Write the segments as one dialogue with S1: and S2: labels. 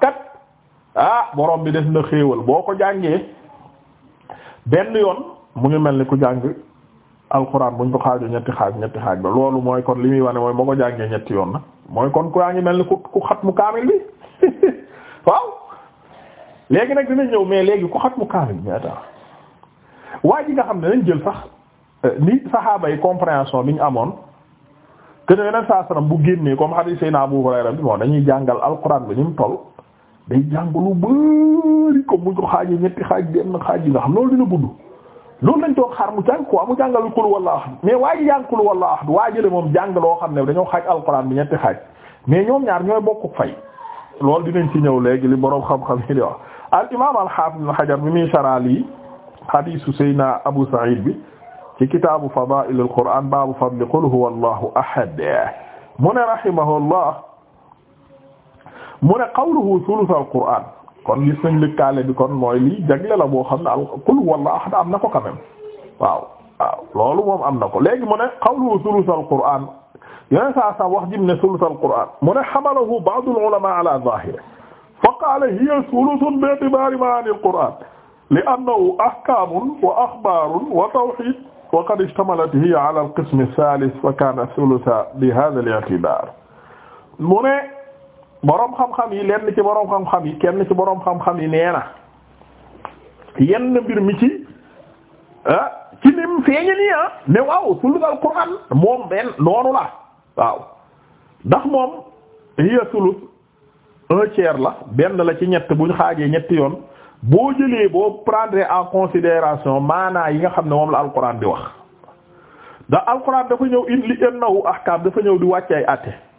S1: kat ah borom bi def na xéewal boo ko jàngee benn yoon mu ngi mel ni ku jàng alxuraan buñ ko xaajoo ñetti xaaj ñetti xaaj ba loolu mooy kon li muy wane mooy moo ko jàngee ñetti yoon nag mooy kon ku yaa ngi mel ni ku ku xat mu kaamil bi waaw léegi nag dina ñëw mais léegi ku xat mu kaamil bi mais taa waa ji nga xam ne dañ jël sax euh, ni saxaaba yi compréhension bi ñu amoon que ne yeneen saa salaam bu génnee comme hadith Seydina Abu Hurayra bi moo dañuy jàngal alxuraan bi ñu mu toll day jàng lu ko comme buñ ko xaajee ñetti xaaj benn xaaj yi nga xam loolu dina gudd loolu lañ doon xaar mu jàng quoi mu jàngal kul walla ahad mais waa ji jàng kul walla ahad waa jële moom jàng loo xam ne dañoo xaaj alxuraan bi ñetti xaaj mais ñoom ñaar ñooy bokk fay loolu dinañ ci ñëw léegi li borom xam-xam yi di wax al imaam al haafiz al hajar bi muy saraal yi hadiisu sayna abu sa'id bi ci kitaabu fadaa'il al qur'aan baabu fadli qul huwa allahu ahad mu ne rahimahullah mu ne qawluhu thuluthal qur'an kon gis nañ lëkkaale bi kon mooy lii jagle la boo xam ne al qul huwallahu ahad am na ko quand même waaw waaw loolu moom am na ko léegi mu ne qawluhu thuluthal qur'an yeneen saa saa wax jim ne thuluthal qur'an mu ne hamalahu ba'd al ulama ala zahiri fa qala hiya thuluthun bi i'tibari ma'ani al qur'an li annahu ahkamun wa axbarun wa tawhid wa qad ishtamalat hiya ala al qism al thalith fa kana thulutha bi hadha al i'tibar mu ne boroom xam-xam yi lenn ci boroom xam-xam yi kenn ci boroom xam-xam yi nee yenn mbir mi ci ah ci nim feeñe nii ah ne waaw sulutal Qur'an moom benn noonu la waaw ndax moom hiya sulus un tiers la benn la ci ñett buñ xaajee ñetti yoon boo jëlee boo prendre en consideration maanaa yi nga xam ne moom la alquran di wax da alquran dafa ñëw in li annahu ahkam dafa ñëw di wàcce ay àtte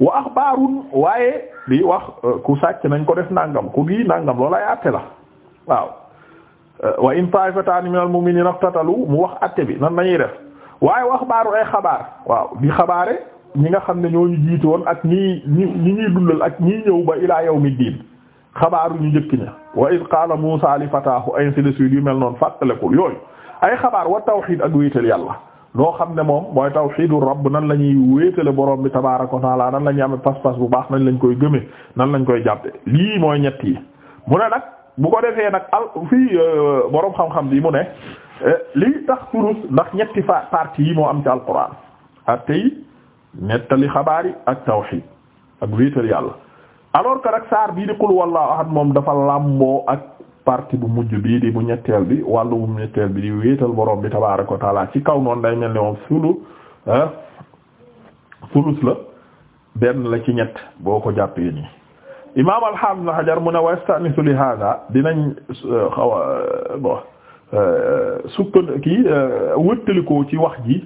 S1: waa axbaarun waaye di wax euh, ku sàcc nañ ko def nangam ku gi nangam loolu ay àtte la waaw euh, wa in taifataani minal mu'minina iqtatalu mu wax àtte bi nan nañuy def waaye wa axbaaru ay xabaar waaw di xabaare ñi nga xam ne ñooñu jiitu woon ak ñi ñi ñuy dundal ak ñi ñëw ba ilaa yawmi diin xabaaru ñu njëkk ña wa id qaala saali li fataahu yu mel noonu fàttalikul yooyu ay xabaar wa tawhiid ak wéetal yàlla loo xam ne moom mooy tawxiidu rabb nan la ñuy wéetale borom bi tabaaraka wa taala nan la ñuy amee pas-pas bu baax nan lañ koy gëmee nan lañ koy jàppe lii mooy ñett yi mu ne nag bu ko defee nag al fii euh, borom xam-xam bi mu ne euh, lii tax turus ndax ñetti fa partie yi moo am ci alquran ak tey nettali xabaar yi ak tawxiid ak wéetal yàlla alors que nag saar bii di qul wallahu ahad moom dafa làmboo ak. partie bu mujj bii di bu ñetteel bi wàllu bu ñetteel bi di wéetal borom bi tabaaraka wa ci kaw noonu lay mel ni moom sulu ah la benn la ci ñett boo ko jàppee nii. imaam al-Haafiz Ibn mu ne wa yasta'nisu li dinañ euh, xaw a euh, bon euh, wëttalikoo ci wax ji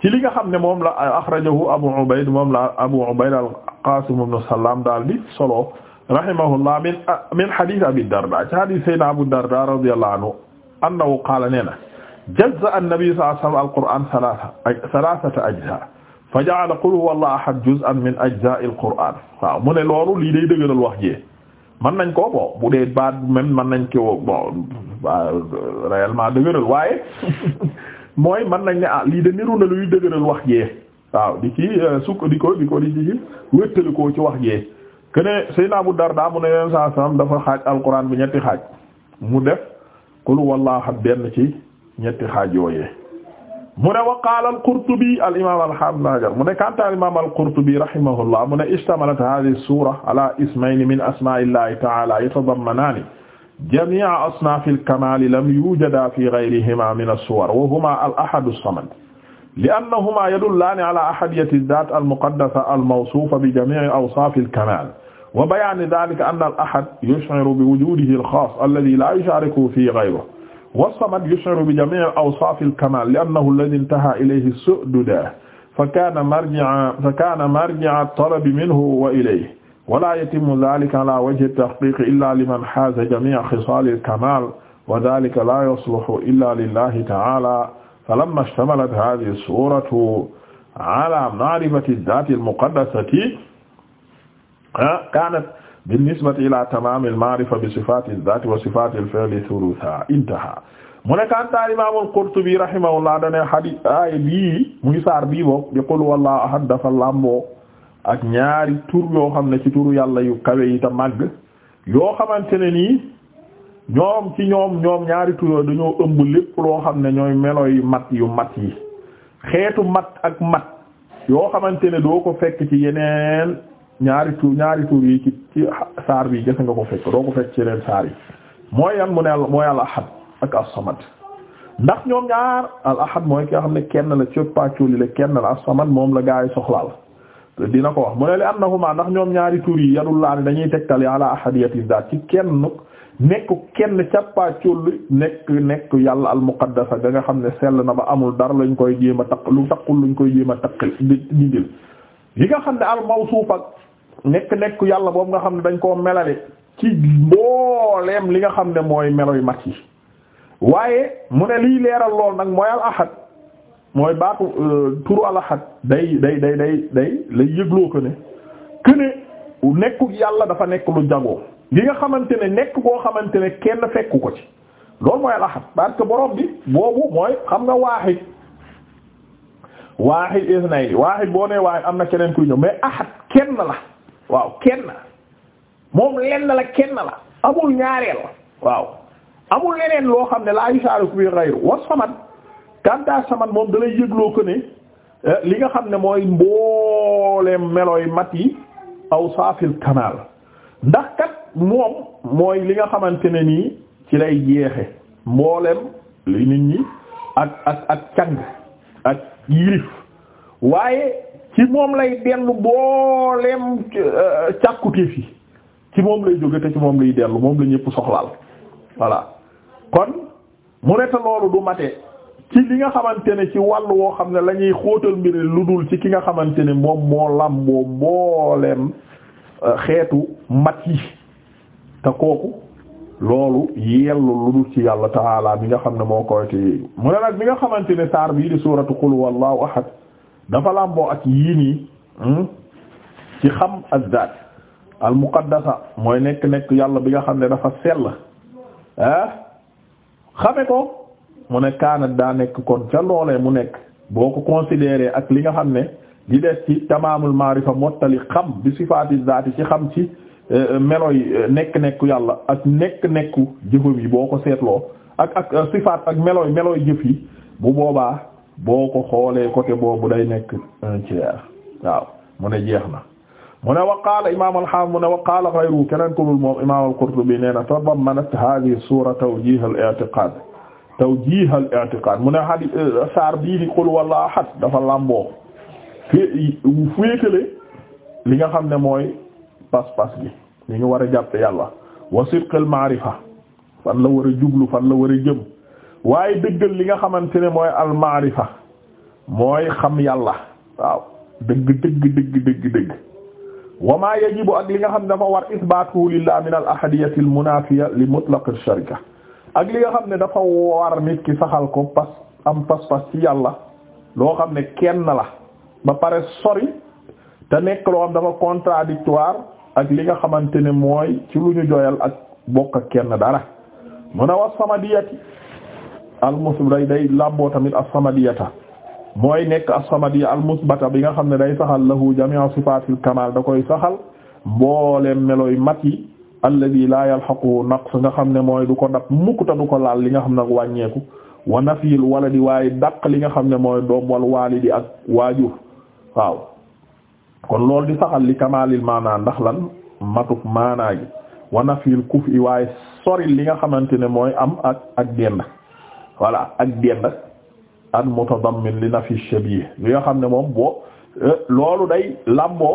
S1: ci li nga xam ne moom la akhrajahu Abu Ubayd moom la Abu Ubayd al-Qaasim ibn Sallaam daal di solo. rahimahullah min min hadith abi darda ci hadith sayyidina abu darda radiyallahu anhu annahu qaala nee na jazza an-nabi sallallahu alayhi wa sallam al-qur'an thalatha thalathata ajza fa ja'ala qul huwa allahu ahad juz'an min ajza'i al-qur'an waaw mu ne loolu lii day dëgëral wax ji mën nañ ko bon bu dee baat même mën nañ ko bon réellement dëgëral waaye mooy mën nañ ne ah lii de niru na luy dëgëral wax jee waaw di ci euh, sukk di ko di ko di ci wéttalikoo ci wax jee kene Seydina Abu Darda mu ne yeneen saa salaam dafa xaaj alquran bi ñetti xaaj mu def qul wallaahu benn ci ñetti xaaj yooyee mu ne wa qaala al-Qurtubi al-imaam al-haafiz Ibn Hajar mu ne kaana al-imaam al-Qurtubi rahimahullah mu ne ishtamalat haadhihi as-suura alaa ismayni min asmaa'illaahi ta'aalaa yatadammanaani jamii'a asnaafi al-kamaali lam yuujadaa fii ghayrihimaa min as-suwar wa humaa al-ahadu as-samad li'annahumaa yadullaani alaa ahadiyyati ad-daat al-muqaddasa al-mawsuufa bi jamii'i awsaaf al-kamaal wa bayaani daalika anna al-ahad yush'iru bi wujuudihi al-xaas alladii laa yushaarikuhu fiihi ghayruhu was-samad yush'iru bi jamii' awsaaf al-kamaal li-annahu alladii intahaa ilayhi su'dudaah fa kaana marji'a fa kaana marji'a at-talabi minhu wa ilayhi wa laa yatimmu daalika 'alaa wajhi at-tahqiiq illaa liman haaza jamii' khisaal al-kamaal wa daalika laa yasluhu illaa lillaahi ta'aalaa falammaa ishtamalat haadhihi as-suuratu 'alaa ma'rifati ad-daat al-muqaddasati kaanat binnisbati ila tamaami al-ma'rifa bi sifaati az-zaati wa sifaati al-fi'li thuluthaa intahaa mu ne Kantaar Imaam al-Qurtubi rahimahullah da hadi ay bii muy saar bii boog di qul wallaahu ahad dafa làmboo ak ñaari tur yoo xam ne ci turu yàlla yu kawe yi te màgg yoo xamante ne ni ñoom ci ñoom ñoom ñaari tur dañoo ëmb lépp loo xam ne ñooy melo yu mat yu mat yi xeetu mat ak mat yoo xamante ne doo ko fekk ci yeneen. ñaari tuur ñaari tuur yi ci ci saar bi gese nga ko fekk doo ko fekk ci leen saar yi mooy yan mu ne mooy al ahad ak as-samad ndax ñoom ñaar al ahad mooy ki nga xam ne kenn la coppaacooli la kenn la as-samad moom la gaa yi soxlaal dina ko wax mu ne li annahuma ndax ñoom ñaari tur yi yadul laa ni dañuy tegtal yi ala ahadiyati zaat ci kenn nekk kenn cappaacooli nekk nekk yàlla al muqaddasa ga nga xam ne sell na ba amul dara lañ koy jéem a taq lu taqul luñ koy jéem a taqil dindil yi nga nekk nekk yàlla boobu nga xam ne dañ koo melale ci mbooleem li nga xam ne mooy melo yu mat yi waaye mu ne liy leeral lool nag mooy al ahad mooy baatu euh, turu al ahad day day day day day lay yëgloo ko ne que nekku yàlla dafa nekk lu jagoo li nga xamante ne nekk koo xamante ne kenn fekku ko ci loolu mooy al ahad parce que borom bi boobu mooy xam nga waaxid waaxid isnay waaxid boo nee waaxid am na keneen kuy ñëw mais ahad kenn la. waaw kenn moom lenn la kenn la amul ñaareel waaw amul leneen loo xam ne laa yusaariku bi ghayru wa samad kanta saman moom dalay yëgloo ko ne eh, li nga xam ne mooy mbooleem melooy mat yi aw saafil kamaal ndax kat moom mooy li nga xamante ne nii ci lay jeexe mboolem li nit ñi ak ak ak càng ak yirif waaye ci moom lay dellu booleem euh, càkkutéef yi ci moom lay jóge te ci moom lay dellu moom la ñëpp soxlaal voilà kon mu neta loolu du mate ci li nga xamante ne ci wàll woo xam ne lañuy ñuy xóotal mbiri lu dul ci ki nga xamante ne moom moo làmboo booleem euh, xeetu mat yi te kooku loolu yellu lu dul ci yàlla taala bi nga xam ne moo koy te mu ne nag bi nga xamante ne saar bii di suuratu qul huwallahu ahad dafa làmboo ak yii nii hmm, ci xam ak azzaat al muqaddasa mooy nekk nekk yàlla bi nga xam ne dafa sell ah xame ko mu ne kaana daa nekk kon ca loolee mu nekk boo ko considéré ak li nga xam ne di des ci tamaamul maarifa mottali xam bi sifaati zaati ci xam ci eh, melo yi eh, nekk nekku yàlla ak nekk-nekku jëfam yi boo ko seetloo ak ak eh, sifaat ak melooy melooy jëf yi bu boobaa boo ko xoolee côté boobu day nekk un tiers mu ne jeex na mu ne wa qaala imam mu ne wa qaala ghayru keneen ko dul moom imam al-Qurtubi nee na tadammanat hadhihi sura tawjih al-i'tiqad tawjih al-i'tiqad mu ne hadi saar bii di qul wala ahad dafa làmboo fee féetale li nga xam ne mooy pas-pas gi li nga war a jàppe yàlla wa sidq al-ma'rifa fan la war a jublu fan la war a jëm waaye dëgg li nga xamante ne mooy almaarifa mooy xam yàlla waaw dëgg dëgg dëgg dëgg dëgg wa maa yajibu ak li nga xam ne dafa war isbaatuhu lillah min al ahadiyati al li mutlaq al sharika ak li nga xam ne dafa war nit ki saxal ko pas am yàlla loo xam ne kenn la ba pare sori te nekk loo xam dafa contradictoire ak li nga xamante ne mooy ci lu ñu joyal ak bokk ak kenn dara mun a was samadiyati almusib day day làmboo tamit as-samadiyata mooy nekk as-samadiya al-musbata bi nga xam ne day saxal lahu jami'a sifatil kamal da koy saxal mbooleem melooy mat yi alladi la yalhaqu naqs nga xam ne mooy du ko dab mukk du ko laal li nga xam ne ak wàññeeku wa nafiyil waladi waaye daq li nga xam ne mooy doom wal walidi ak waajur waaw kon loolu di saxal li kamalil maana ndax lan matuk maanaa gi wa waaye soril li nga xamante ne mooy am ak ak dend voilà ak démb ak an mutadammin li nafi shabih li nga xam ne moom boo euh, loolu day làmboo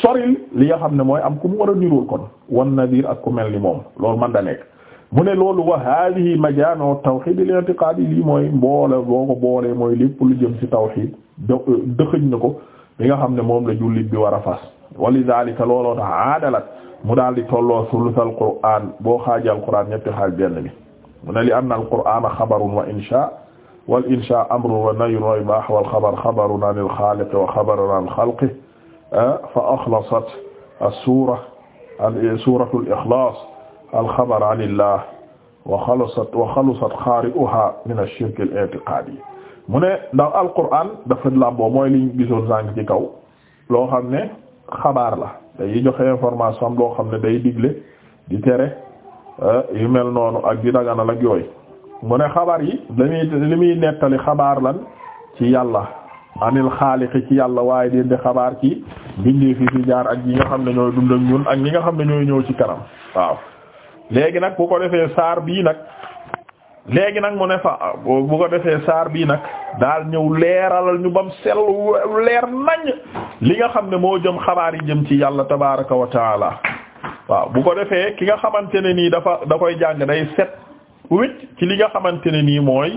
S1: soril li nga xam ne mooy am ku mu war a nirool kon wan nadir ak ku mel ni moom loolu man da nekk mu ne loolu wa hadihi majaanu tawhid al i'tiqadi lii mooy mboole boo ko boolee mooy lépp lu jëm ci tawhid euh, dëxëñ na ko li nga xam ne moom la jullit bi war a fas walidalika looloo tax aadalat mu daal di tolloo sulusal qur'an boo xaajal qur'an ñetti xaaj benn mu ne li anna alqur'ana xabarun wa insha wal insha amrun wa nahyun wa ibah wal xabar xabarun an alxaaliq wa xabarun an xalqih ah, fa axlasat as-suura suuratu al-ixlaas al-xabar an illah wa xalasat wa xalasat xaari'uhaa min ash-shirk al-i'tiqaadi mu ne ndax alqur'an dafa làmboo mooy liñ gisoon sànq ci kaw loo xam ne xabaar la day joxe information loo xam ne day digle di tere. Eh, yu mel noonu ak di daganal ak yooyu mu ne xabaar yi dañuy li muy nettali xabaar lan ci yàlla anil xaaliqi ci yàlla waaye di di xabaar ki bindee fi fi jaar ak yi nga xam ne ñooy dund ak ñun ak ñi nga xam ne ñooy ñëw ci kanam waaw léegi nag bu ko defee saar bii nag léegi nag mu ne fa bu ko defee saar bii nag daal ñëw leeral ñu bam sell leer nañ li nga xam ne moo jëm xabaar yi jëm ci yàlla tabaraka wa taala waaw bu ko defee ki nga xamante ne nii dafa da koy jàng day set wécc ci li nga xamante ne nii mooy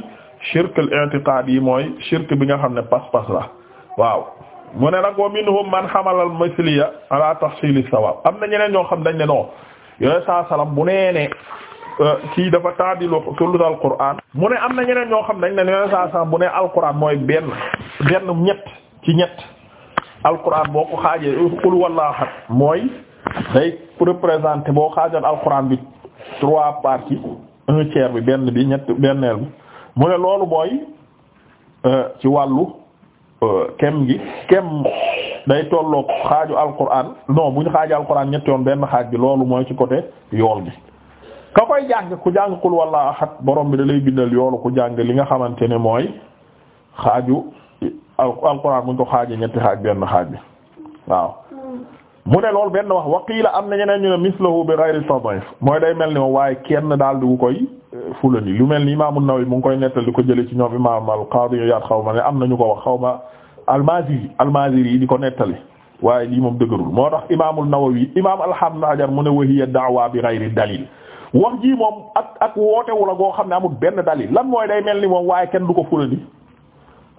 S1: shirk al yi mooy shirk bi nga xam ne pas-pas la waaw mu ne nag wa minhum man xamalal misliya ala tahsili sawab am na ñeneen ñoo xam dañ ne non yooyu saa salam bu nee ne euh, kii dafa taadilu tullut al qur'an mu ne am na ñeneen ñoo xam dañ ne yooyu saa salam bu nee al qur'an mooy benn benn ñett ci ñett al qur'an boo ko xaajee qul wallahu ahad mooy day représenter boo xaajal alxuraan bi trois parties un tiers bi benn bi ñett benneel bi mu ne loolu mooy euh, ci wàllu euh, kem gi kem day tolloog xaaju alxuraan non bu ñu xaaju alxuraan ñetti yoon benn xaaj bi loolu mooy ci côté yool bi ka koy jàng ku jàng xul walla axat borom bi da lay bindal yoolu ku jàng li nga xamante ne mooy xaaju alxuraan bu ñu ko xaajee ñetti xaaj benn xaaj bi waaw mu ne loolu benn wax waqiila am na ñeneen ñu ne mislahu bi ghayri tadif mooy day mel ni moom waaye kenn daal du koy euh, fulani lu mel ni Imam An-Nawawi mu ngi koy nettal di ko jële ci ñoom Imam al-Qadi Iyad xaw ma ne am na ñu ko wax xaw ma al-Maziri al-Maziri di ko nettali waaye lii moom dëgërul moo tax imaamul an yi Imam al-Hafiz Hajar mu ne wa hiya da'wa bi ghayri dalil wax jii moom ak ak wootewu la goo xam ne amul benn dalil lan mooy day mel ni moom waaye kenn du ko fulani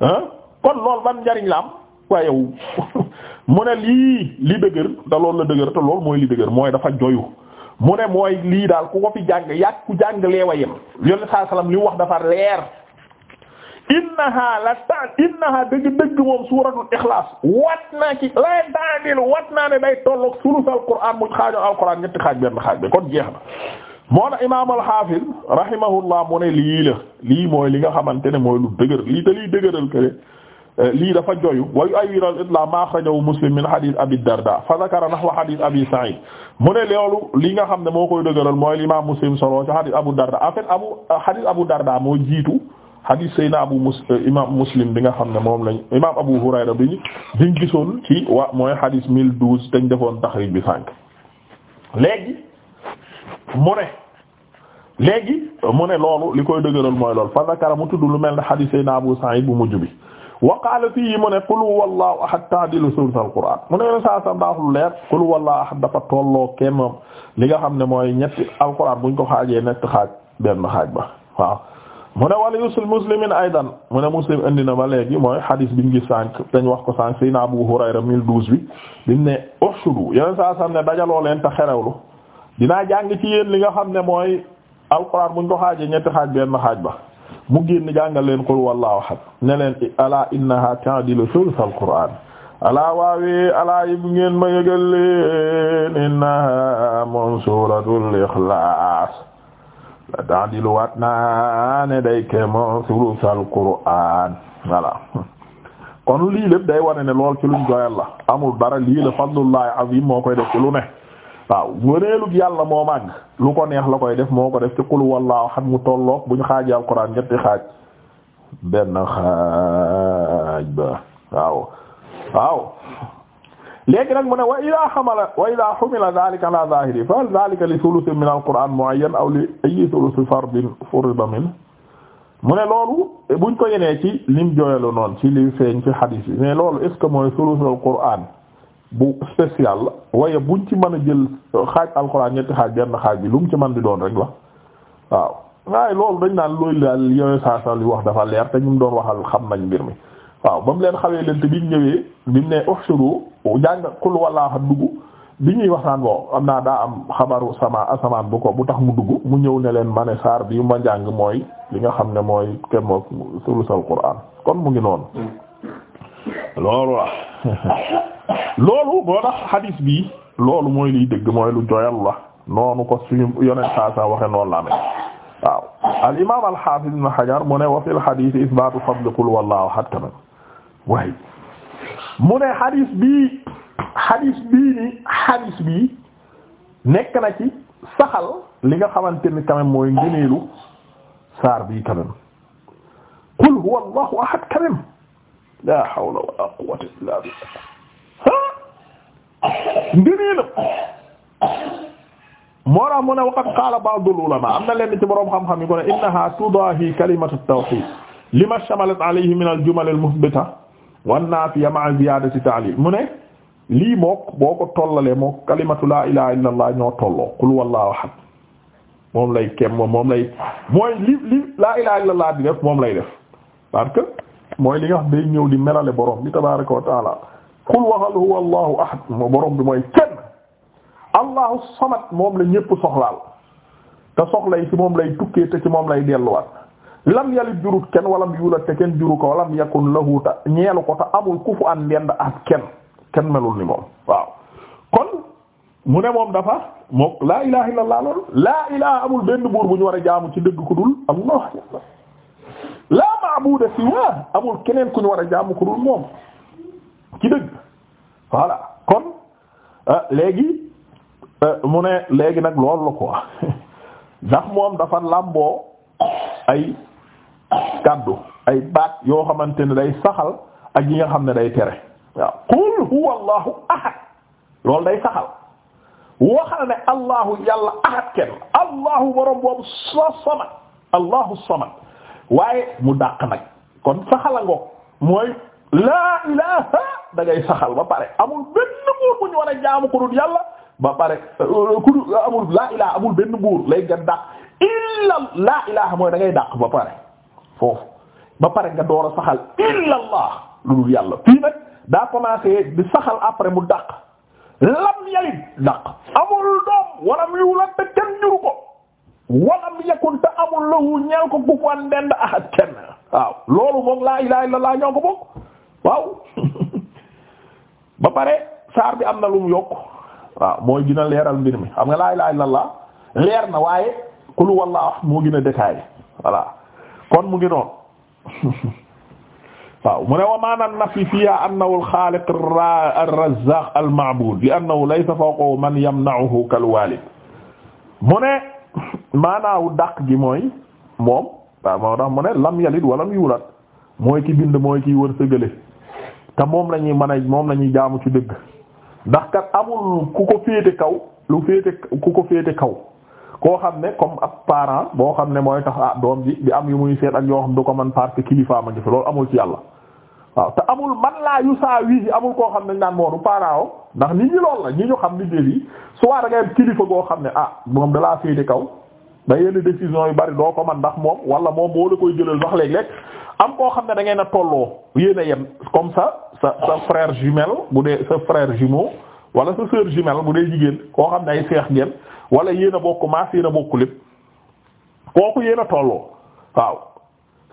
S1: ah kon ban njariñ la waaye yow mu ne lii li dëgër da loolu la dëgër te loolu mooy li dëgër mooy dafa joyu mu ne mooy lii daal ku ko fi jàng yàgg ku jàng leewa yem yonent saa salaam li wax dafa leer innaha la ta innaha dëgg dëgg moom suuratul ixlaas wat naa ci lay taadil wat naa ne day tolloog sulusal qur'aan mu xaajo alqur'aan ñetti xaaj benn xaaj bi kon jeex na moo na imaam alxaafis rahimahullah mu ne lii la lii mooy li nga xamante ne mooy lu dëgër lii te liy dëgëral kër Euh, lii dafa jooyu wa ay al-idla ma akhrajahu muslim min hadith abi darda fa dhakara nahwa hadith abi sa'id mu ne loolu li nga xam ne moo koy dëgëral mooy l'imam muslim solo ci hadith abu darda en fait abu euh, hadith abu darda moo jiitu hadith sayna abu muslim euh, imam muslim bi nga xam ne moom lañ imam abu hurayra bi ñu gisoon ci wa mooy hadith 1012 dañ defoon taxrij bi sànq léegi mu ne léegi mu ne loolu li koy dëgëral mooy loolu fa dhakara mu tudd lu mel ne hadith sayna abu wa qaala fii mu ne qul huwallahu ahad ta'dilu sulsal qur'an mu ne saa sa baax lu leer qul huwallahu ahad dafa tolloo kenn li nga xam ne mooy ñetti alquran buñ ko xaajee nekk xaaj benn xaaj ba waaw mu ne wala usul muslimin aydan mu ne muslim indi na ba léegi mooy xadis bi ñu gis sànq dañ wax ko sànq sayna Abu Hurayra 1012 bi bimu ne ushudu yeneen saa sam ne dajaloo leen ta xerewlu dinaa jàng ci yéen li nga xam ne mooy alquran buñ ko xaajee ñetti xaaj benn xaaj ba mu génn jàngal leen qul wallahu ahad ne leen ala innaha ta'dilu thuluthal qur'an alaa waawee alaa yi ngeen ma yëgal leen innaha moom suratul ikhlas la ta'dilu waat ne day kemoo thuluthal qur'an voilà kon lii lépp day wane ne lool ci luñ doyal amul dara lii la fadlullahi azim moo koy def ci ne waaw ngëneelug yàlla moo màgg lu ko neex la koy def moo ko def ci qul wallahu xam mu tolloog bu ñu xaajee alquran ñetti xaaj benn xaaj ba waaw waaw léegi nag mu ne wa ida xamala wa ida xumila dalika ala zahiri fa hal dalika li thuluth min alquran muayyan aw li ay thuluth fardin furiba min mu ne loolu buñ ko yenee ci lim jooyalu noonu ci li feeñ ci hadith yi mais loolu est ce que mooy thuluth bu spécial la waaye buñ ci man a jël xaaj alxuraan ñetti xaaj benn xaaj bi lu mu ci mën di doon rek la waaw waaye loolu dañ naan loolu daal yooyu saa saa wax dafa leer te ñu mu doon waxal xam nañ mbir mi waaw ba mu leen xawee leen te biñ ñëwee biñ ne uxshuru jàng xul wallaaha dugg bi ñuy wax naan boo naa daa am xabaru sama asamaan bu ko bu tax mu dugg mu ñëw ne leen ma ne saar bi ma jàng mooy li nga xam ne mooy kenn mook sulusal quraan kon mu ngi noonu hmm. loolu boo tax bi loolu mooy liy dëgg mooy lu joyal la noonu ko suñu yoneen waxe noonu la amee waaw al imaam al hafiz ibn hajar mu ne wa fil hadith isbaatu fadl qul wallahu ahad tamam waaye mu ne hadis bii nekk na saxal li nga xamante ni quand même mooy ngëneelu saar bii quand même qul huwa allahu ahad quand même la hawla wala quwwata illa billah ngëneelam moo tax mu ne waqad qaala ba'dul ulama am na lenn ci boroom xam-xam yi ko ne innaha tudaahi kalimatu lima shamalat alayhi min al jumal al muthbita wan naafiya ma'a ziyadati ta'lil mu lii mook ko tollalee mook kalimatu laa ilaha allah ñoo moom lay kem moom mooy li li laa ilaha illa allah di li nga bi tabaaraka wa qul waxal huwa allahu ahad borom bi mooy kenn allahu samad moom la ñépp soxlaal te soxla yi ci moom lay tukkee te ci moom lay delluwaat lam yalid jurut kenn walam yuulat te kenn juru ko walam yakun lahu ta ñeelu ko te amul ku fu an ndend ak kenn kenn melul ni moom waaw kon mu ne moom dafa moom laa ilaha illa allah loolu laa ilaha amul benn buur bu ñu war a jaamu ci dëgg ko dul allah laa maabuda siwa amul keneen ku ñu war a jaamu ko dul moom ci dëgg voilà kon euh, léegi euh, mu ne léegi nag loolu la ko ndax moom dafa làmboo ay kaddu ay baat yoo xamante ne day saxal ak yi nga xam ne day tere waaw huwa allahu ahad loolu day saxal waxal ne allahu yàlla ahad kenn allahu borom boobu sa samad allahu samad waaye mu dàq nag kon saxala mooy laa ilaha da ngay saxal ba pare amul benn buur bu ñu a jaamu ku dul yàlla ba pare euh, ku dul amul laa ilaha amul benn buur lay nga dàq illa laa ilaha mooy da ngay dàq ba pare ba pare nga door a saxal illa allah lu dul yàlla fii nag daa commencé di saxal après mu dàq lam yalid dàq amul doom walam yuulat te kenn juru ko walam yakun te amul lahu ñeel ko kufuwan dend ahad kenn waaw loolu moom laa ilaha illa allah ñoo ko bokk waaw ba pare saar bi am na lu mu yokk waaw mooy gën leeral mbir mi xam nga laa ilaaha illallaah leer na waaye qul wallaahu moo gën a détaillé kon mu ngi noonu waaw mu ne wa maanaan nafi fiha annahu al-xaaliq ar li annahu laysa fawqahu man yamna'uhu kal-waalid mu ne maanaawu dàq gi mooy moom waaw moo tax mu ne lam yalid wa lam yuulad mooy ki bind mooy ki wërsëgale te moom la ñuy mën a moom la ñuy jaamu ci dëgg ndax kat amul ku ko féete kaw lu féete ku ko féete kaw koo xam ne comme ab parent boo xam ne mooy tax ah doom ji di am yu muy seet ak yoo xam du ko man parce kilifaa ma ngi loolu amul ci yàlla waaw te amul man laa yu saa wii amul koo xam ne naan moo du parent ndax nit ñi loolu la ñi ñu xam nit ñi soit da ngay kilifa goo xam ne ah moom dalaa féete kaw. da yenn décision yu bari doo ko man ndax moom wala moom moo la koy jëlal sax léeg-léeg am koo xam ne da ngeen a tolloo yéen a yem comme sa sa sa frère jumelle bu dee sa frère jumeau wala sa sœur jumelle bu dee jigéen koo xam ne ay seex ngeen wala yéen bokk maas yéen a bokk lépp kooku yéen a tolloo waaw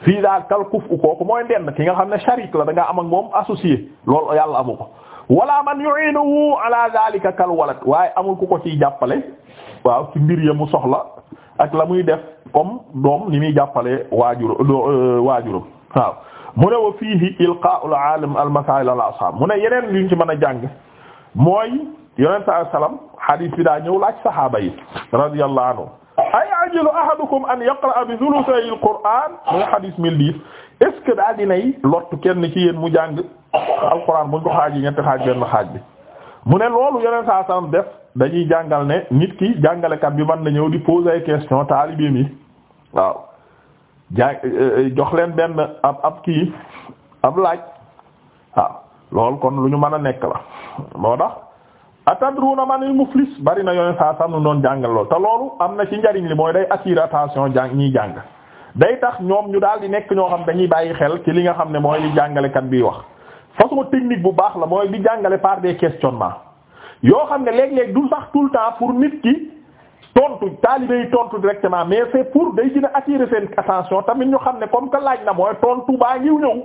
S1: fii daal kalkuf u kooku mooy ndenn ki nga xam ne sharik la danga nga am ak moom associé loolu yàlla amu ko wala man yu'inuhu ala zalika kal walad waaye amul ku ko ciy jàppale waaw ci mbir soxla ak la muy def comme doom ni muy jàppale waajur euh, waajuram waaw mu ne woo fiihi ilqa'ul alim al masail al ashab mu ne yeneen yuñ ci mën a jàng mooy yeneen saa salaam hadith bi daa ñëw laaj saxaaba yi radiyallahu anhu ay ajilu ahadukum an yaqra bi thuluthay al qur'an muy hadith mille dix est ce que daa dinay lottu kenn ci yéen mu jàng al qur'an buñ ko xaaj yi ñetti xaaj benn xaaj bi mu ne loolu yeneen saa saam def dañuy jàngal ne nit ki jàngalekat bi mën na ñëw di poser ay question taalibeem yi waaw ja eh, eh, jox leen benn ab ab kii ab laaj waaw lool kon lu ñu mën a nekk la moo tax atadruna manil muflis bari na yoneen saa saam nu doon jàngal loolu te loolu am na ci njariñ li mooy day attirer attention jàng ñiy jàng day tax ñoom ñu daal di nekk ñoo xam dañuy bàyyi xel ci li nga xam ne mooy li jàngalekat bi wax façon technique bu baax la mooy di jàngale par des questionnements yoo xam ne léeg-léeg du sax tout le temps pour nit ki tontu taalibe yi tontu directement mais c'est pour day gën a attirer seen attention tamit ñu xam ne comme que laaj na mooy tontu baa ngiw ñëw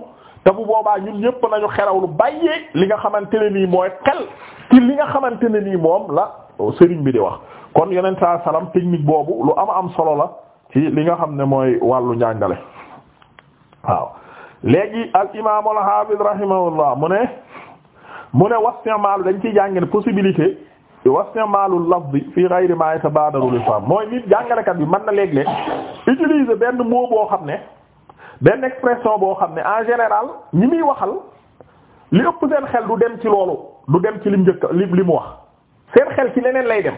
S1: te bu boobaa ñun ñépp nañu xerawlu bàyyee li nga xamante ne nii mooy xel ci li nga xamante ne nii moom la sëriñ bi di wax kon yeneen saa salaam technique boobu lu am am solo la ci li nga xam ne mooy wàllu njàngale waaw léegi al imaam al hafiz rahimahullah mu ne mu ne wastimaalu dañ ciy jàngale possibilité wastimaalul lafzi fi ghayri ma yatabadaru lil fahm mooy nit jàngalekat bi mën na léeg-léeg utiliser benn moo boo xam ne benn expression boo xam ne en général ñi muy waxal li ëpp seen xel du dem ci loolu du dem ci lim njëkk li mu wax seen xel ci leneen lay dem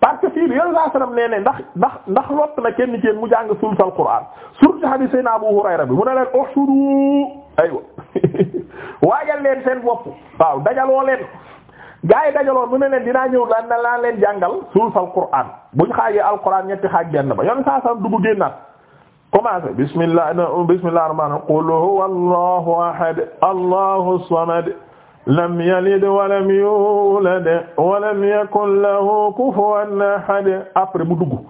S1: parce que fii bi yàlla naa salaam nee ndax ndax ndax lott na kenn kenn mu jàng sulsal Qur'an surtout hadith sayna Abu Hurayra bi mu ne leen uhshuru aywa leen seen bopp waaw dajaloo leen gaa yi dajaloon mu ne leen dinaa ñëw daan na laa leen jàngal sulsal Qur'an buñ xaajee alquran ñetti xaaj benn ba yoon saa salaam dugg génnaat commencé bismillah bismillah rahmaan qul huwa allahu ahad allahu samad lam yalid walam yulad walam yakun lahu kufuwan ahad après mu dugg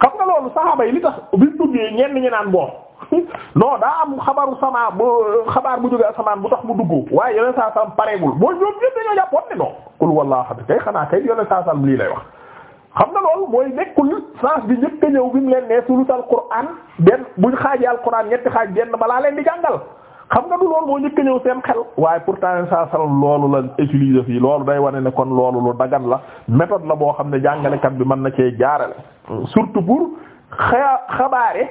S1: xam nga loolu li tax bi mu duggee ñenn ñi naan bon non daa xabaar bu jóge asamaan bu tax mu dugg waaye yoneen saa pareegul mooy ñoom kay xanaa kay yoneen saa sallam lii lay wax xam nga loolu mooy nekkul sens bi ñëpp ñëw bi mu leen ne sulutal Qur'an benn buñ xaajee al Qur'an ñetti xaaj benn balaa leen di jàngal xam nga du loolu moo njëkk ñëw seen xel waaye pourtant saa salam loolu la utiliser fii loolu day wane ne kon loolu lu dagan la méthode la boo xam ne jàngalekat bi mën na cee jaarale surtout pour xa xabaare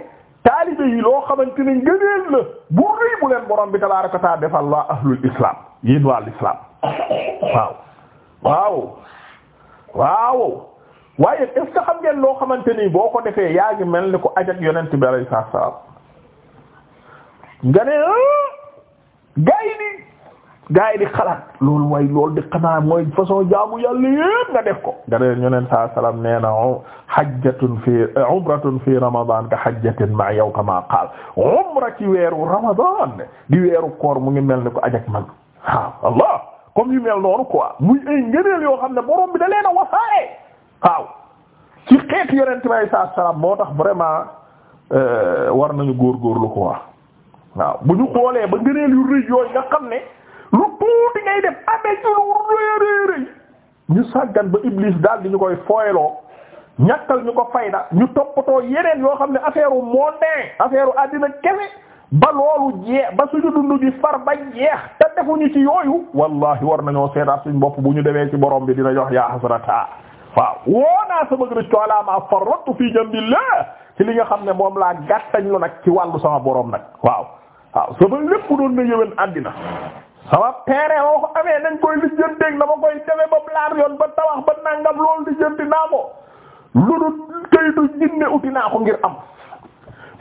S1: taalibe yi loo xamante ne ngëneel la bu rëy bu leen borom bi tabaaraka wa ta'aala defal la ahlul islam yéen waa waaw waaw waaye est-ce que ngeen loo xamante ni boo ko defee yaa ngi mel ni ko ajak yonent bi alayhi salaam nga ne ah, gaa yi di gaa xalaat loolu way loolu di xanaa mooy façon jaamu yàlla yépp nga def ko nga ne ñu neen saa salaam nee na oh, fi umratun fi ramadan ka hajjatin ma yow kama qaal umra ci weeru di weeru koor mu ngi mel ni ko ajak man allah comme yu mel noonu quoi muy ay yoo xam ne borom bi da leen a wasaare waaw ci xeet yonent bi saa salaam moo tax vraiment euh, war nañu góorgóorlu quoi waaw bu ñu xoolee ba ngëneel yu rëy yooyu nga xam ne lu tuuti ngay def amee ci lu rëy rëy ñu sàggan ba Iblis daal di ñu koy fooyloo ñàkkal ñu ko fayda ñu toppatoo yeneen yoo xam ne affaire u mondain affaire u àddina kese ba loolu jeex ba suñu dund bi far ba jeex te defuñu ci yooyu wallahi war nañoo seetaat suñ bopp bu ñu demee ci borom bi dina jox yaa hasrata waaw woonaa sama rëccu ala ma farrattu fii jambillah ci li nga xam ne moom laa gàttañ lu nag ci wàllu sama borom nag waaw waaw sama lépp doon na yëwén àddina sama peere woo ko amee nañ koy lijjanteeg na ma koy defe ba blaar yoon ba tawax ba nangam loolu lijjanti naa ko lu dul kayitu jinne uti naa ko ngir am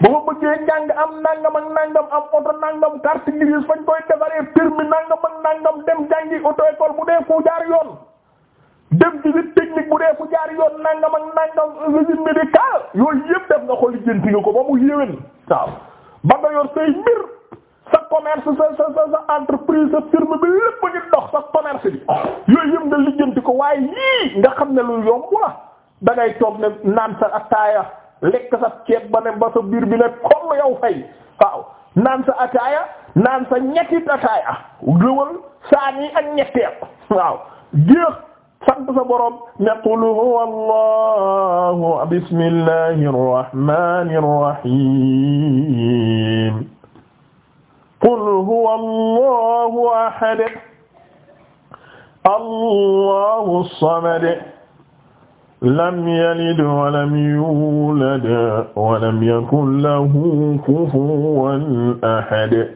S1: ba ma bëggee njàng am nangam ak nangam am oto nangam carte grise fañ koy defaree permis nangam ak nangam dem jàngi auto école bu dee fu jaar yoon dem visite technique bu dee fu jaar yoon nangam ak nangam visite médicale yooyu yëpp def nga ko lijjanti nga ko sa commerce sa sa entreprise sa firme bi lépp ngi dox sa commerce bi yooyu yëpp nga lijjanti ko waaye yii nga xam ne lu yomb la da ngay toog ne naan sa ataaya lekk sa ceeb ba ne ba sa biir bi ne koll yow fay waaw naan sa ataaya naan sa ñetti ataaya gëwal saani ak ñetteel waaw jeex sant sa borom ne qul huwa allahu bismillahir rahmanir rahim qul huwa allahu ahad allahu samad lam yalid walam yulad walam yakun lahu kufuwan ahad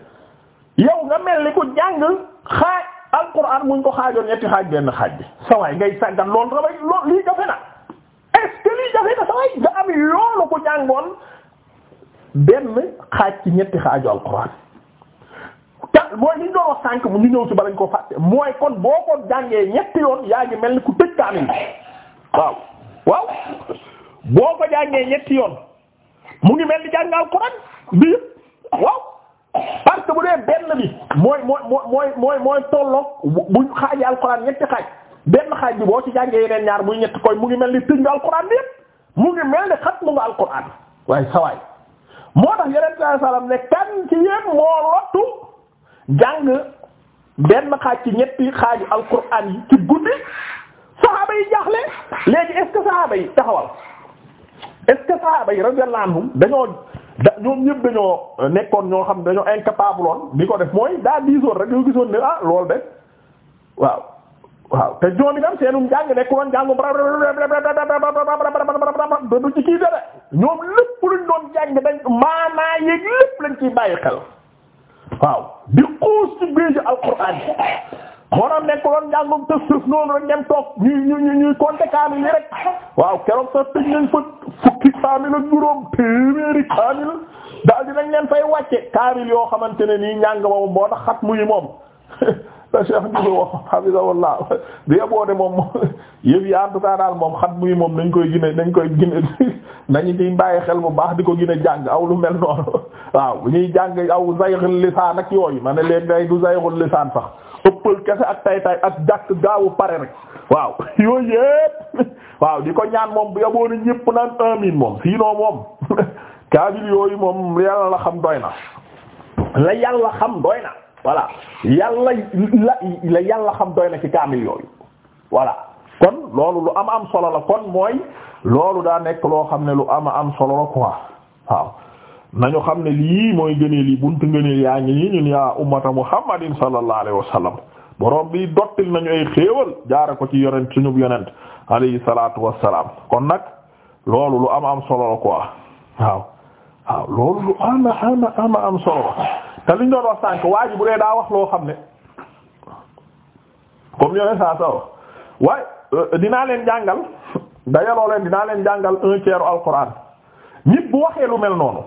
S1: yow nga mel ni ku jàng xaaj alquran muñ ko xaajoon ñetti xaaj benn xaaj bi sawaay ngay sàggan lool raway lool lii jafe na est-ce que lii jafe na sawaay nga am yoolu ku jàngoon benn xaaj ci ñetti xaaju alquran mooy li ñu wax sànq mu ngi ñëw ci balañ ko fàtte mooy kon boo ko jàngee ñetti yoon yaa ngi mel ni ku tëj kaamil waaw ko jàngee ñetti yoon ngi mel ni jàngal Alxuraan bi yëpp waaw parce que bu dee benn bi mooy mooy mooy mooy mooy tolloog bu xaajee Alxuraan ñetti xaaj benn xaaj bi boo ci jàngee yeneen ñaar muy ñetti koy mu ngi mel ni tëj nga Alxuraan bi yëpp mu ngi mel ni xat mu nga Alxuraan waaye sawaay moo tax yeneen sallam ne kan ci yéen moo lottu jàng benn xaaj ci ñetti xaaju alquran yi ci guddi saxaaba yi jaaxle léegi est saxaaba yi taxawal est ce que saxaaba yi radiyallahu anhum dañoo da ñoom ñëpp dañoo nekkoon ñoo xam dañoo incapable woon di ko def mooy daa diisoon rek yoo gisoon ne ah loolu waaw waaw te ñoom itam seenum jàng nekk woon jàngu du ci kii dara ñoom lépp luñ doon jàng dañ maanaa yéeg lépp lañ ciy bàyyi xel waaw xuus ci géeju alquran moo tax nekkuloon njàngum te suuf noonu rek dem toog ñuy ñuy ñuy compter kaamil yi rek waaw keroog sax tëj nañ fa fukki kaamil ak juróom téeméeri kaamil daal dinañ leen fay wàcce kaamil yoo xamante ne nii njàng moom moo tax xat muy moom. la Cheikh Ndiou wax hafizahullah bi yeboo de moom yëf yi en tout daal moom xat muy moom nañ koy gine nañ koy gine nañu ciy bàyyi xel bu baax di ko gën a jàng aw lu mel noonu waaw bu ñuy jàng aw zayxul lisaan ak yooyu ma ne léegi day du zayxul lisaan sax ëppal kese ak tay tay ak dàq gaawu pare rek waaw yooyu yëpp waaw di ko ñaan moom bu yeboo de ñëpp naan amiin moom sinon moom kaabil yooyu moom yàlla la xam doy na la yàlla xam doy na. voilà yàlla la yàlla xam doy na ci kaamil yooyu voilà kon loolu lu am am solo la kon mooy loolu daa nekk loo xam ne lu am am solo la quoi waaw nañu xam ne lii mooy gëneel yi buntu ngëneel yaa ngi nii ñun yaa ummata muhammadin sallallahu alayhi wa sallam borom bi dottil nañu ay xéewal jaare ko ci yonent suñu yonent alayhi salaatu wassalaam kon nag loolu lu am am solo la waaw waaw loolu lu ama am solo te liñ doon wax sànk waa bu dee daa wax loo xam ne comme yone saa sa wax waaye euh, dinaa leen dinaa leen jàngal un tiers waxee lu mel noonu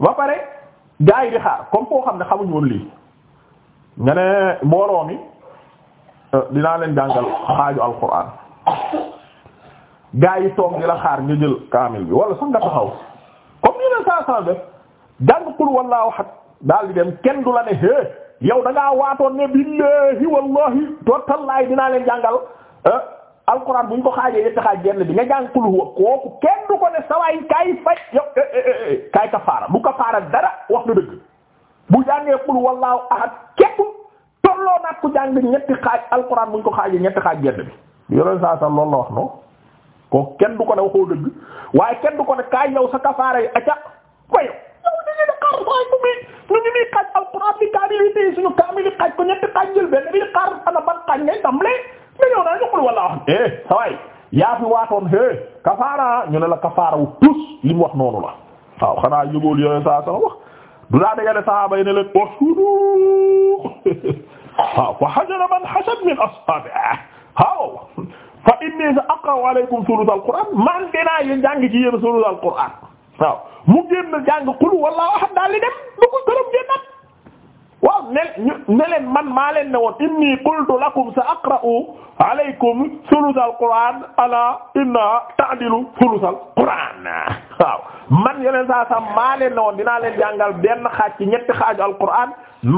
S1: ba pare gaa yi di xaar comme koo xam ne xamuñu woon lii nga ne mbooloo mi euh, dinaa leen jàngal xaaju alquran gaa yi toog di la xaar ngi jël kaamil bi wala sax nga comme ni ne saa saa def jàng qul wallaahu ahad daal di dem kenn du la ne hee yow da waatoon ne billahi wallahi totallaay dinaa leen jàngal ah, alquran bu ñu ko xaajee ñetti xaaj genn bi nga jàng qul huwa kooku kenn du ko ne sawaay kay fay yow eh, eh, eh, kay kafaara bu kafaara dara wax na dëgg bu jàngee qul wallaahu ahad képp tolloo naat ku jàng ñetti xaaj alquran bu ñu ko xaajee ñetti xaaj genn bi. yore saa saa loolu la wax noonu. ko kenn du ko ne waxoo dëgg waaye kenn du ko ne kaay yow sa kafaara yi acca koy yow ni ñu ne xaar waay bu muy ñu ngi nii xaaj alxuraan bi kaamil yi tey suñu kaamil yi ko ñetti xaaj jël benn bi xaar ana ban xaaj ngay damle mais yow naa ñuqul wala wax eh sa waay waatoon hé eh, kafaara ñu ne la kafaara wu tus li wax noonu la waaw xanaa yëgool yooyu saa sa wax du daa dajale saxaaba yi ne leen ashudu waaw fa hajara man hajat min ashaabihi waaw fa inni sa aqra'u alaykum sulutal qur'an man dinaa yéen jàng ci yéen sulutal qur'an waaw mu génn jàng qul wallahu ahad daal di dem lu ko gërëm génnaat waaw ne ne leen man maa leen ne woon inni qultu lakum sa aqra'u alaykum sulutal qur'an ala inna ta'dilu sulutal qur'an waaw man yeneen saa sax maa leen ne woon dinaa leen jàngal benn xaaj ci ñetti xaaju al qur'an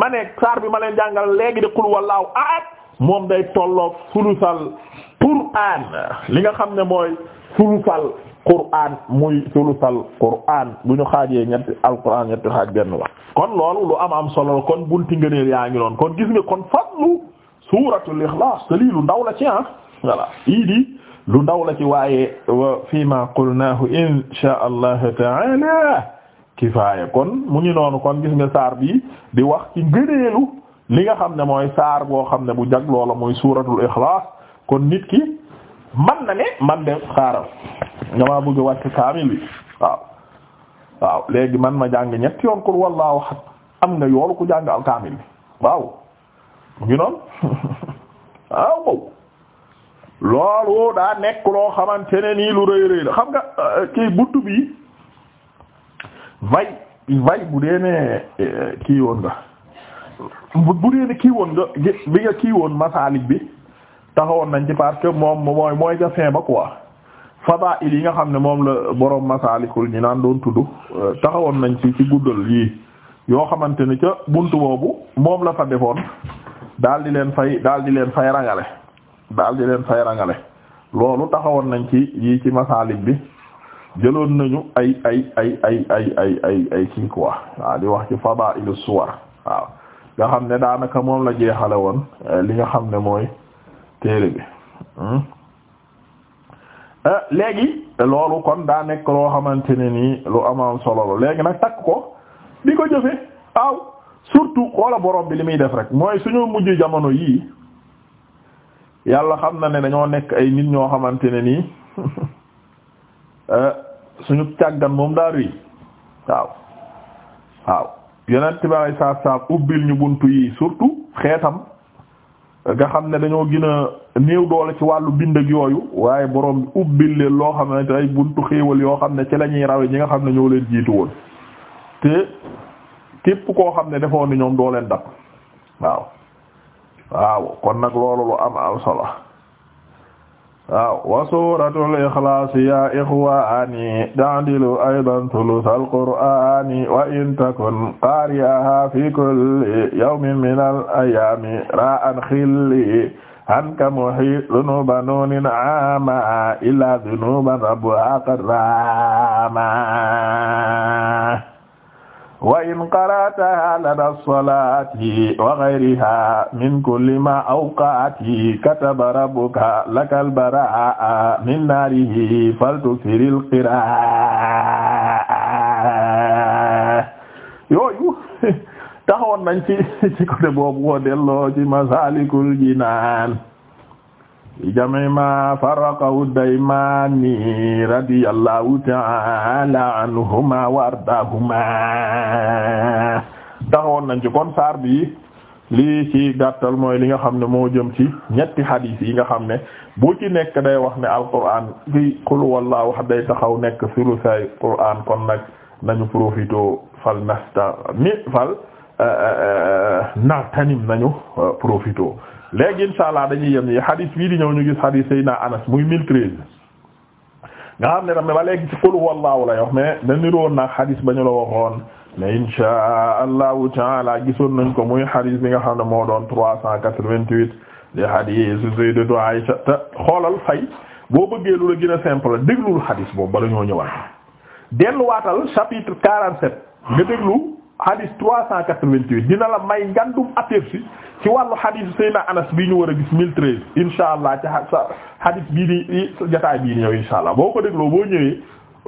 S1: ma ne saar bi ma leen jàngal léegi de qul wallahu ahad moom day tolloog sulusal qur'an li nga xam ne mooy sulusal qur'an muy sulusal qur'an bu ñu xaajee ñetti alquran ñetti xaaj benn la kon loolu lu am am solo kon bunti ngëneel yaa ngi doon kon gis nga kon fadlu suuratul ixlaas te lii lu ndaw la ci ah voilà lii di lu ndaw la ci waaye wa fii ma qulnaahu insha allah taala kifaaya kon mu ngi noonu kon gis nga saar bi di wax ci ngëneelu li nga xam ne mooy saar boo xam ne bu jag loola mooy suuratul ixlaas kon nit ki man na ne man de xaaral nga maa bëgg wàcc kaamil bi waaw léegi man ma jàng ñetti yoon kul wallaahu ahad am nga yoolu ku jàng al kaamil waaw mu ngi noonu loolu daa nekk loo xamante ne nii lu rëy rëy la xam nga euh, kii bunt bi vay vay bu dee ne euh, kii yoon nga bu dee ne kii woon nga bi nga kii woon bi taxawoon nañ ci parce que moom mooy mooy ca fin ba quoi fadaa'il yi nga xam ne moom la borom masaalikul ñi naan doon tuddu euh, taxawoon nañ ci ci guddal yii yoo xamante ni ca bunt boobu moom la fa defoon daal di leen fay daal di leen fay rangale daal di leen fay rangale loolu taxawoon nañ ci yii ci masaalik bi jëloon nañu ay ay ay ay ay ay kii quoi waaw di wax ci fadaa'ilus suwar waaw nga xam ne daanaka moom la jeexale woon eh, li nga xam ne mooy téere bi hmm? eh, léegi loolu kon daa nekk loo xamante ne nii lu amoon solo la léegi nag takk ko di ko jëfe aw surtout xoola borom bi li muy def rek mooy suñu mujj jamono yii yàlla xam na ne dañoo nekk ay nit ñoo xamante ne nii eh, suñu càggan moom daa rëy waaw waaw yeneen tibaray saab saab ubbil ñu buntu yi surtout xeetam nga xam ne dañoo gën a néew doole ci wàllu bind ak yooyu waaye borom bi ubbil leen loo xam ne ay buntu xéewal yoo xam ne ci lañuy ñuy ñi nga xam ne ñoo leen jiitu woon te képp koo xam ne defoon ni ñoom doo leen dab waaw waaw kon nag loolu lu am am solo waaw wa suratul ikhlas ya ikhwani ta'dilu aydan thuluthal qur'ani wa in takun qari'aha fi kulli yawmin min al-ayami ra'an khilli anka muhi dhunuba nunin ama illa dhunuban rabbuha qad rama wa in qara'taha lada salaati wa ghayriha min kulli ma awqaati kataba rabbuka lakal baraa min naarihi faltuksiril qiraa yooyu taxawoon nañ ci ci côté boobu ko delloo ci Masaalikul Jinaan jami ma faraqahu daymani radiyallahu ta'ala anhuma wa ardaahuma taxawoon nañ ci kon saar bi li ci gàttal mooy li nga xam ne moo jëm ci ñetti xadiis yi nga xam ne bu ci nekk day wax ne alquran fi qul wallahu ahad day taxaw nekk sulusay quran kon nag nañu profité fal nasta mi fal euh, euh, euh, nartanim nañu profité léegi insha allah dañuy yem ni xadis bii di ñëw ñu gis xadis Seydina Anas muy 1013 nga xam ne tamit ba léegi ci qul wallahu la wax mais da niroon nag xadis ba ñu la waxoon mais insha allahu taala gisoon nañ ko muy xadis bi nga xam ne moo doon 388 di xadis Sayyidatu Aïsha te xoolal fay boo bëggee lu la gën a simple déglul xadis boobu bala ñoo ñëwaat delluwaatal chapitre 47 nga déglu. hadis 388 dina la may ngandum aperçu ci wàllu hadis Seydina Anas bii ñu war a gis 1013 incha allah ci hadis bii di jotaay bii di ñëw incha allah boo ko dégloo boo ñëwee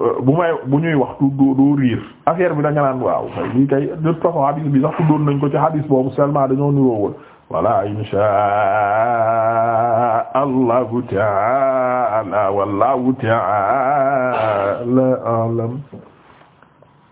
S1: euh, bu may bu ñuy wax du riir affaire bi da nga naan waaw lii kay de toute façon hadis bi sax tuddoon nañ ko ci hadis boobu seulement dañoo niroo woon voilà insha allahu taala wallahu taala alam